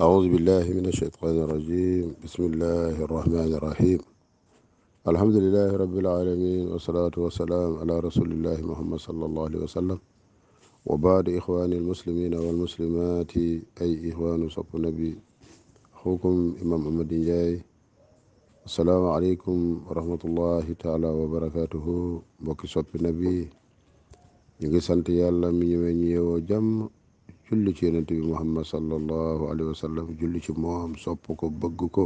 أعوذ بالله من الشيطان الرجيم بسم الله الرحمن الرحيم الحمد لله رب العالمين والصلاة والسلام على رسول الله محمد صلى الله عليه وسلم وبعد إخواني المسلمين والمسلمات أي إخوان صف النبي أخوكم إمام أحمد جاي السلام عليكم ورحمة الله تعالى وبركاته بكي صف النبي ñu ngi sant yàlla mi ñu ñëwoo jàmm julli ci yonent bi muhammad sallallahu alayhi wa sallam julli ci moom sopp ko bëgg ko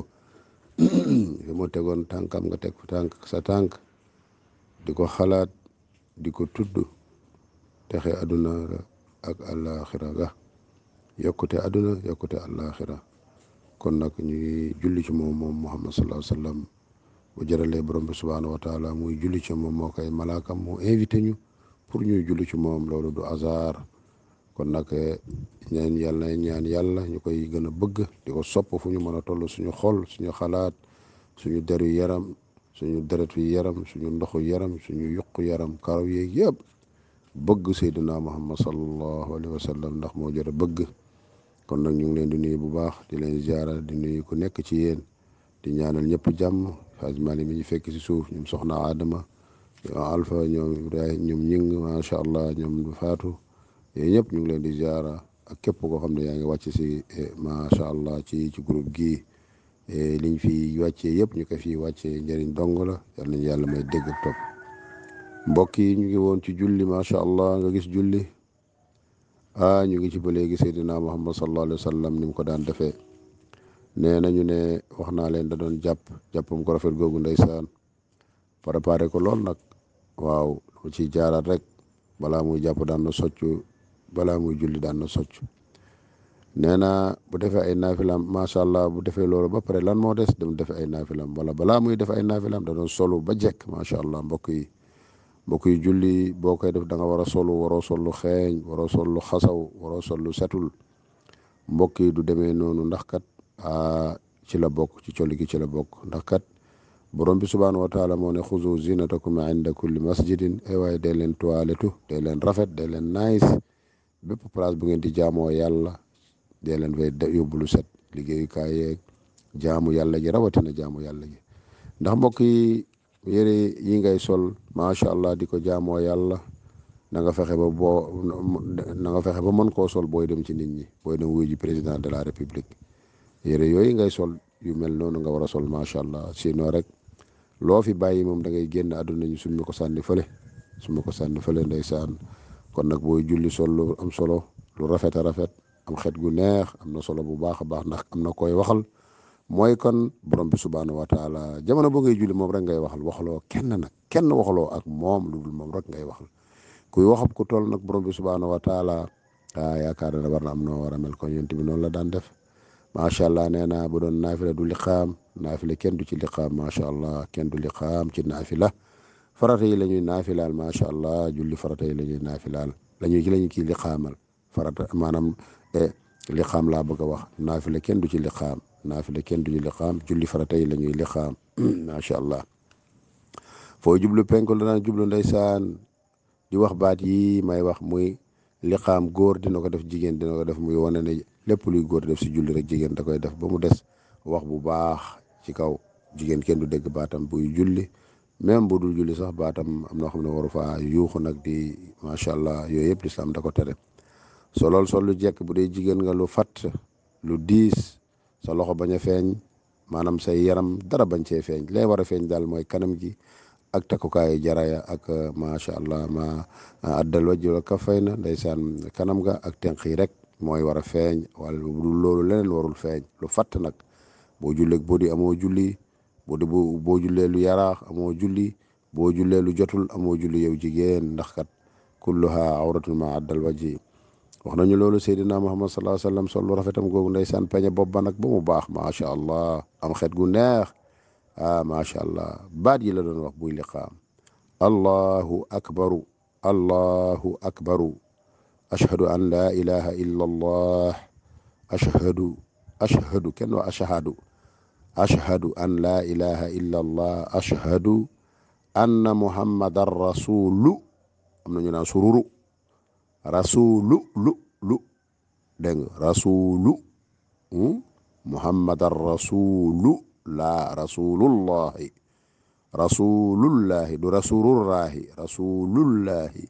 tegoon tànkam nga teg fa tànk sa tànk di ko xalaat di ko tudd texe aduna ak àllaaxira ga yokkute aduna yokkute àllaaxira kon nag ñuy julli ci moom moom muhammad sallallahu alayhi wa sallam bu jëralee borom bi subhaanahu wa taala muy julli ci moom moo koy malaakam mu invité ñu pour ñuy julli ci moom loolu du hasard kon nag eh, ñaan yàlla ñaan yàlla ñu koy gën a bëgg di ko sopp fu ñu mën a toll suñu xol suñu xalaat suñu deru yaram suñu deretu yaram suñu ndoxu yaram suñu yuq yaram karaw yeeg yëpp bëgg Seydina Muhammad sallallahu alayhi wa sallam ndax moo jot a bëgg kon nag ñu ngi leen di nuyu bu baax di leen ziara di nuyu ku nekk ci yéen di ñaanal ñëpp jàmm Hadj Malick mi ñu fekk si suuf ñoom soxna Adama ñoom Alpha ñoom Ibrahima ñoom ñing macha allah ñoom Fatou. yooyu ñëpp ñu ngi leen di ziara ak képp koo xam ne yaa ngi wàcc si eh, macha allah ci ci groupe gi eh, liñ fi wàccee yëpp ñu ko fi wàccee njëriñ dong la yal nañu yàlla may dégg ak topp mbokk yi ñu ngi woon ci julli macha allah nga gis julli ah ñu ngi ci ba léegi Seydina Muhammad sallallahu alayhi wa sallam ni mu ko daan defee nee nañu ne wax naa leen da doon jàpp jàppam ko rafet googu ndeysaan préparé ko lool nag waaw ci jaaraat rek balaa mu jàpp daan na soccu balaa muy julli daan na socc nee na bu defee ay naafilam macha allah bu defee loolu ba pare lan moo des dem def ay naafilam wala balaa muy def ay naafilam da doon solu ba jekk macha allah mbokk yi mbokk yi julli boo koy def da nga war a solu waroo sollu xeeñ waroo sollu xasaw waroo sollu setul mbokk yi du demee noonu ndax kat ci la bokk ci col gi ci la bokk ndax kat borom bi subhaanahu wa taala moo ne xuzu zinatakum inda kulli masjidin ay waaye day leen toiletu day leen rafet day leen nice bépp place bu ngeen di jaamoo yàlla dee leen fay yóbbu lu set liggéeyukaay yeeg jaamu yàlla ji rawatina jaamu yàlla ji ndax mbokk yi yére yi ngay sol macha allah di ko jaamoo yàlla na nga fexe ba boo na nga fexe ba mën koo sol booy dem ci nit ñi booy dem wuyu ji président de la république yére yooyu ngay sol yu mel noonu nga war a sol macha allah sino rek loo fi bàyyi moom da ngay génn àdduna ñu summi ko sànni fële summi ko sànni fële saan kon nag booy julli sol lu am solo lu rafet rafet am xet gu neex am na solo bu baax a baax ndax am na koy waxal mooy kon borom bi subhaanahu wa taala jamono boo ngay julli moom rek ngay waxal waxaloo kenn nag kenn waxaloo moom moom rek ngay waxal kuy waxab ku toll nag borom bi subhaanahu wa taala ah yaakaar na war na am noo war a mel ko yonent bi noonu la daan def macha allah nee naa bu doon naafila du liqaam naafila kenn du ci liqaam macha allah kenn du liqaam ci naafila farata yi la ñuy naafilaal macha allah julli farata yi la ñuy naafilaal la ñuy ci la ñu kii liqaamal farata maanaam eh, liqaam laa bëgg a wax naafila kenn du ci liqaam naafila kenn du ci liqaam julli farata yi la ñuy liqaam macha allah foo jublu penku la daan jublu ndeysaan di wax baat yi may wax muy liqaam góor dina ko def jigéen dina ko def muy wane ne lépp luy góor def si julli rek jigéen da koy def ba mu des wax bu baax ci kaw jigéen kenn du dégg baatam buy julli même bu dul julli sax baatam am na xam ne waru faa yuuxu nag di macha allah yooyu yëpp lislaam da ko tere solool sol lu jekk bu dee jigéen nga lu fat lu diis sa loxo bañ a feeñ maanaam say yaram dara bañ se feeñ lay war a feeñ daal mooy kanam ji ak takkukaayu jaraya ak euh, macha allah ma euh, addal wajjula kafay na ndeysaan kanam ga ak tenq yi rek mooy war a feeñ wala bu loolu leneen warul feeñ lu fatt nag boo julleeg boo di amoo julli boo de boo boo jullee lu yaraax amoo julli boo jullee lu jotul amoo julli yow jigéen ndax kat kulluha awratun ma addal waji wax nañu loolu Seydina Muhammad sallallahu alayhi wasallam sol lu rafetam googu ndeysaan peñe bopp ba nag ba mu baax macha allah am xet gu neex ah macha allah baat yi la doon wax buy liqaam allahu akbaru allahu akbaru an la ilaha illa allah ashhadu ashhadu kenn wa ashhadu ashhadu an laa ilaha illa allah ashhadu anna muhammadan rasulu am na ñu naan sururu rasulu lu lu dégg nga rasulu hmm? muhammadan rasulu laa rasulullahi rasulullahi du rasulullahi rasulullahi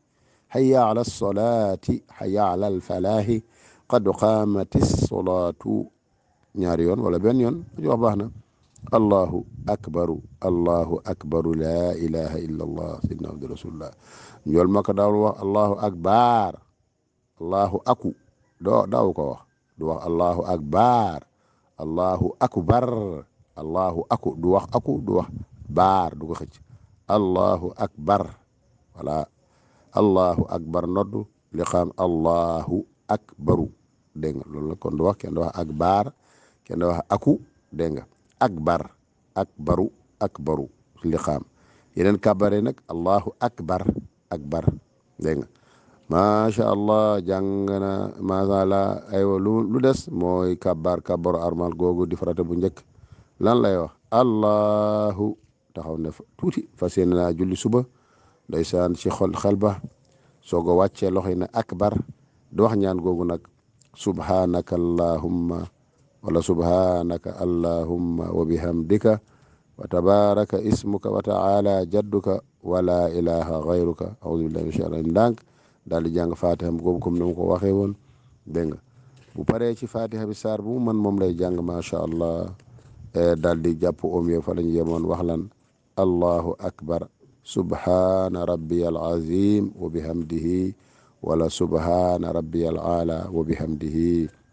hayya ala alsolati hayya ala alfalahi qad qamati alsolatu ñaari yoon wala benn yoon lu ci wax baax na allahu akbaru allahu akbaru laa illa allah sayyidina abdu rasulullah njool ma ko daawul wax allahu akbar allahu aku doo daaw ko wax du wax allahu aku du wax aku du wax baar du ko xëcc akbar voilà allahu akbar noddu liqaam allahu akbaru dégg nga loolu la du wax kenn du wax akbar kenn wax aku dégg nga akbar akbaru akbaru liqaam yeneen kabare nag allahu akbar akbar dégg nga macha allah jàng na macha allah lu lu des mooy kabbar kabbaru armal googu di farata bu njëkk lan lay wax allahu taxaw na tuuti fa yéene naa julli suba ndeysaan ci xol xel ba soog a wàccee loxo yi na akbar du wax ñaan googu nag subhanaka wala subhanaka allahumma wa bihamdika wa tabaraka ismuka wa taala jadduka wala ilaha gayruka audu billahi min shaitanir ndànk daal di jàng fatiha am boobu comme ko waxee woon dégg nga bu paree ci fatiha bi bu mu man moom lay jàng macha allah e, daal di jàpp yo fa lañ yemoon wax lan allahu akbar subhana rabbiyal azim wa bihamdihi wala subhana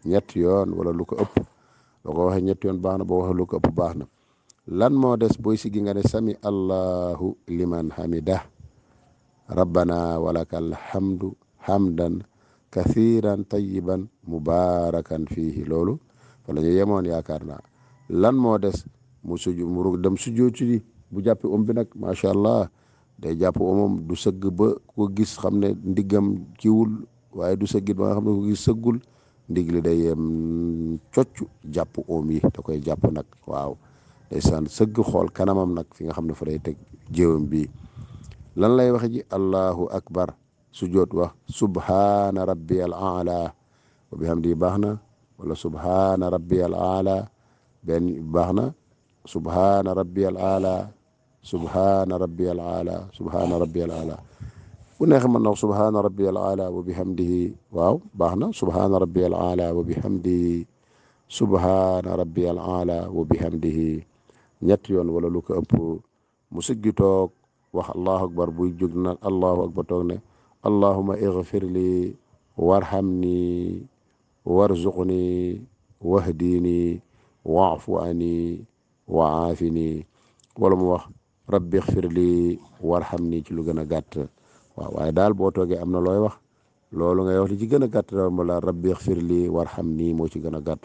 ñett yoon wala lu ko ëpp boo ko waxee ñetti yoon baax na boo waxee lu ko ëpp baax na lan moo des booy sigi nga ne sami allahu liman hamida rabbana walakal hamdu hamdan kathiran tayiban mubarakan fihi loolu fa la ñu yemoon yaakaar naa lan moo des mu suju mu rug dem sujoo ci bu jàppi om bi nag macha allah day jàpp omam du sëgg ba ko gis xam ne ndiggam kiwul waaye du sëggit ba nga gis sëggul ndigli day yem cocc jàpp oom yi da koy jàpp nag waaw ndeysaan sëgg xool kanamam nag fi nga xam ne fa day teg jéewam bii lan lay waxe ji allahu akbar su joot wax subhaana rabbiyal aala wa bihamdi baax na wala subhaana rabbiyal aala benn baax na subhaana rabbiyal aala subhaana rabbiyal aala subhaana rabbiyal aala bu neexe mën na wax subhaana rabbiyal aala wa bihamdihi waaw baax na subhaana rabbiyal aala wa bihamdihi subhaana rabbiyal aala wa bihamdihi ñett yoon wala lu ko ëpp mu siggi toog wax allahu akbar buy jóg na allahu akbar toog ne allahuma igfir li warhamni warzuqni wahdini waafu ani wa aafini wala mu wax rabbi igfir li warhamni ci lu gën a gàtt waaw waaye daal boo toogee am na looy wax loolu ngay wax li ci gën a gàtt wala rabbi xfir li warhamni moo ci gën a gàtt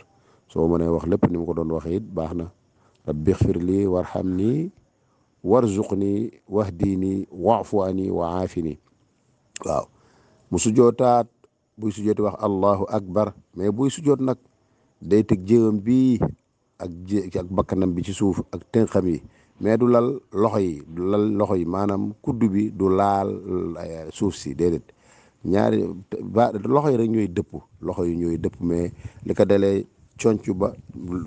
soo mënee wax lépp ni mu ko doon waxee it baax na rabbi xfir li warhamni warzuqni wahdini waafu ani wa aafini waaw mu sujootaat buy sujooti wax allahu akbar mais buy sujoot nag day teg jéewam bii ak ak bakkanam bi ci suuf ak tënxam yi mais du lal loxo yi du loxo yi maanaam kuddu bi du laal eh, suuf si déedéet ñaari ba loxo yi rek ñuy dëpp loxo yi ñooy dëpp mais li ko dalee conc ba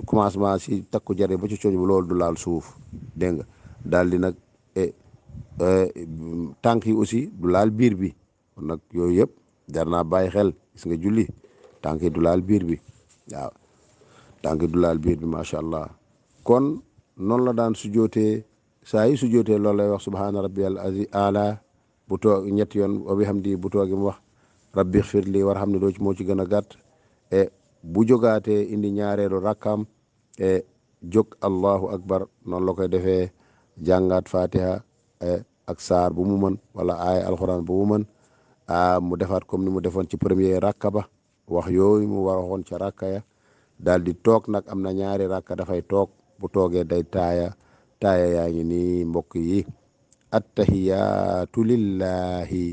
commencement si takku jare ba ci conc ba loolu du laal suuf dégg nga daal di nag eh, eh, tànk yi aussi du laal biir bi kon nag yooyu yëpp jar naa bàyyi xel gis nga julli tànk du laal biir bi waaw tànk du laal biir bi macha allah kon. noonu la daan sujootee saa yi sujootee loolu lay wax subhaana rabbiyal azi ala bu toog ñetti yoon wa di bu toogi mu wax rabbi xfir li war xam ne doo ci moo ci gën a gàtt e bu jogaatee indi ñaareelu rakkaam e jóg allahu akbar noonu la koy defee jàngaat fatiha e ak saar bu mu mën wala aaya alxuraan bu mu mën a mu defaat comme ni mu defoon ci premier rakka ba wax yooyu mu war waxoon ca rakka ya daal di toog nag am na ñaari rakka dafay toog bu tooge day taaya taaya yaa ngi nii mbokk yi attahiyaatu lillahi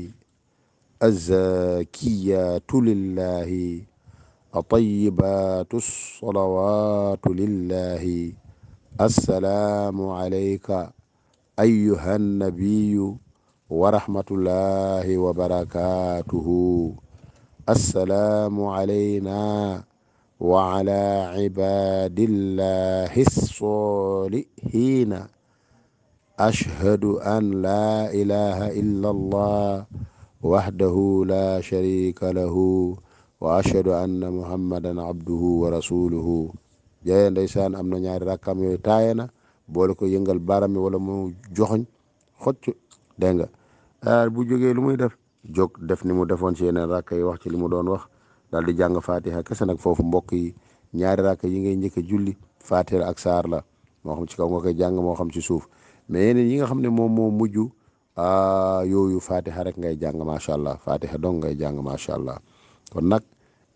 azzakiyaatu lillahi atayibaatu salawaatu lillahi assalaamu alayka ayuha nabiyu wa rahmatullahi wa alayna wa ala cibaadillahi ssaalihiina ashhadu an laa ilaha illa allah wahdahu laa sharika lahu wa ashhadu anna muhammadan abduhu wa rasuluhu jaye ndeysaan am na ñaari rakkam yooyu taaye na boole ko yëngal baram mi wala mu joxoñ xocc dégg nga ah, bu jógee lu muy def jóg def ni mu defoon ci yeneen rakk yi wax ci li mu doon wax daal di jàng fatiha kese nag foofu mbokk yi ñaari raaka yi ngay njëkk a julli fatiha ak saar la moo xam ci kaw nga koy moo xam ci suuf mais yeneen yi nga xam ne moom moo mujj yooyu fatiha rek ngay jàng macha allah fatiha dong ngay jàng macha allah kon nag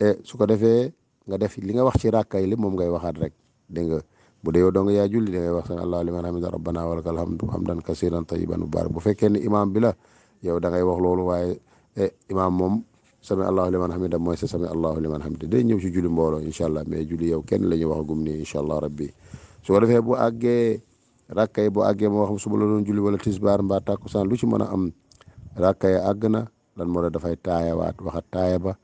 e, su ko defee nga def li nga wax ci rak yi li moom ngay waxaat rek dégg nga bu dee yow dong yaa julli da ngay wax seen allahu liman hamida rabbana walakal hamdu hamdan kasiran tayyiban mubarak bu fekkee ne imaam bi la yow da ngay wax loolu waaye e, imaam moom. sami allahu liman hamida mooy sa sami allahu liman hamida day ñëw ci julli mbooloo incha allah mais julli yow kenn la ñuy wax gum nii incha allah rabbi su ko defee bu àggee rakkay bu àggee moo xam suba la doon wala tisbaar mbaa takkusaan lu ci mën a am rakkay àgg na lan moo doon dafay taayawaat waxat taaya ba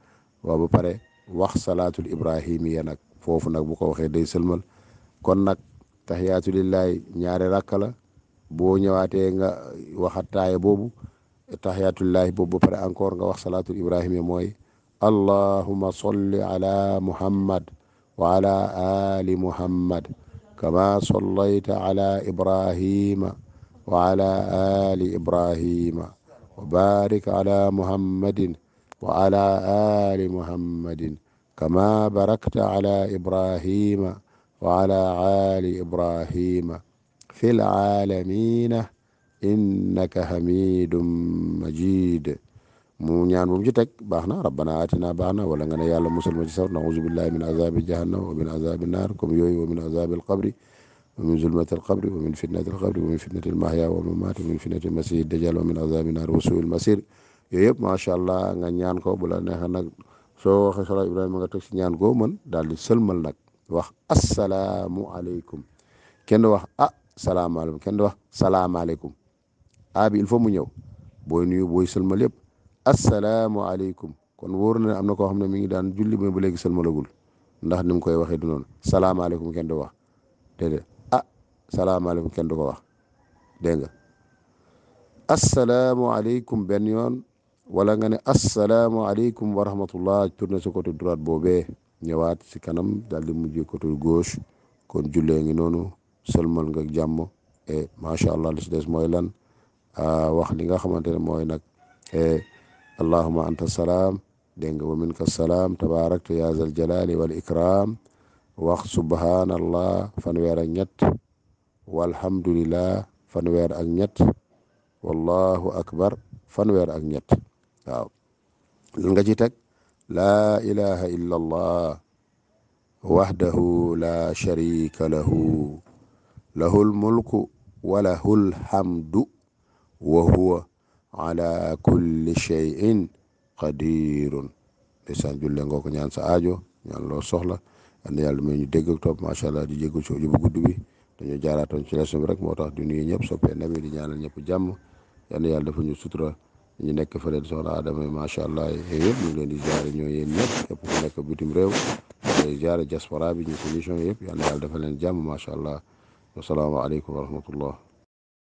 waaw ba pare wax salaatul ibrahimiya nag foofu nag bu ko waxee day sëlmal kon nag taxiyaatu lillaay ñaare rakka boo ñëwaatee nga waxat taaya boobu tahiyatullahi boobu ba pare encore nga wax salaatul ibrahima mooy allahuma solli ala muhammad wa ala ali muhammad kama sollayta ala ibrahima wa ala ali ibrahima wa barik ala muhammadin wa ala ali muhammadin kama barakta ala ibrahima wa ala ali ibrahima fi l aalamina innaka hamidum majid mu ñaan bu mu ci teg baax na rabbana atina baax na wala nga ne yàlla musal ma ci sawt nauzu billahi min azabi jahannam wa min naar comme yooyu wa min azabi alqabri wa min zulmati alqabri wa min fitnati alqabri wa min fitnati almahya wa mamati wa min fitnati almasih dajjal wa min azabi naar wa suil masir allah nga ñaan ko bu la neexee nag soo waxee sala ibrahima nga teg si ñaan goo mën daal di sëlmal nag wax assalaamu aleykum kenn du wax ah salaamaaleykum kenn du wax salaamaaleykum a bi il faut mu ñëw booy nuyu booy sëlmal yëpp asalaamaaleykum kon wóor na am na koo xam ne mi ngi daan julli ba léegi sëlmalagul ndax ni mu koy waxee du noonu salaamaaleykum kenn du wax déedéet ah salaamaaleykum kenn du ko wax dégg nga asalaamaaleykum benn yoon wala nga ne asalaamaaleykum wa rahmatullah tourné sa côté droite boobee ñëwaat si kanam daal di mujjee côté gauche kon jullee ngi noonu sëlmal nga jàmm et macha allah li si des mooy lan. Ah, wax li nga xamante ne mooy nag eh, allahuma anta salaam dégg nga wa minka salaam tabaaraktu ya zal jalali wal ikram wax subhanallah fanweer ak ñett walhamdulillah fanweer ak ñett wallahu akbar fanweer ak ñett waaw nga ci teg laa ilaha illa allah wahdahu la sharika lahu lahul mulku wa lahul hamdu wa huwa ala kulli shay'in qadirun ndeysaan julle ngoo ko ñaan sa aajo ñaan loo soxla and yàlla may ñu dégg ak topp macha allah di jéggu ci bu gudd bi dañu jaaraatoon ci leçon bi rek moo tax di nuyu ñëpp soppee nabi di ñaanal ñëpp jàmm yal na yàlla ñu sutura ñu nekk fële di soxna Adama yi macha allah yéen yëpp ñu ngi leen di jaare ñoo yéen ñëpp képp ku nekk bitim réew di jaare diaspora bi ñu solution yëpp yal na yàlla dafa leen jàmm macha allah wasalaamaaleykum wa rahmatullah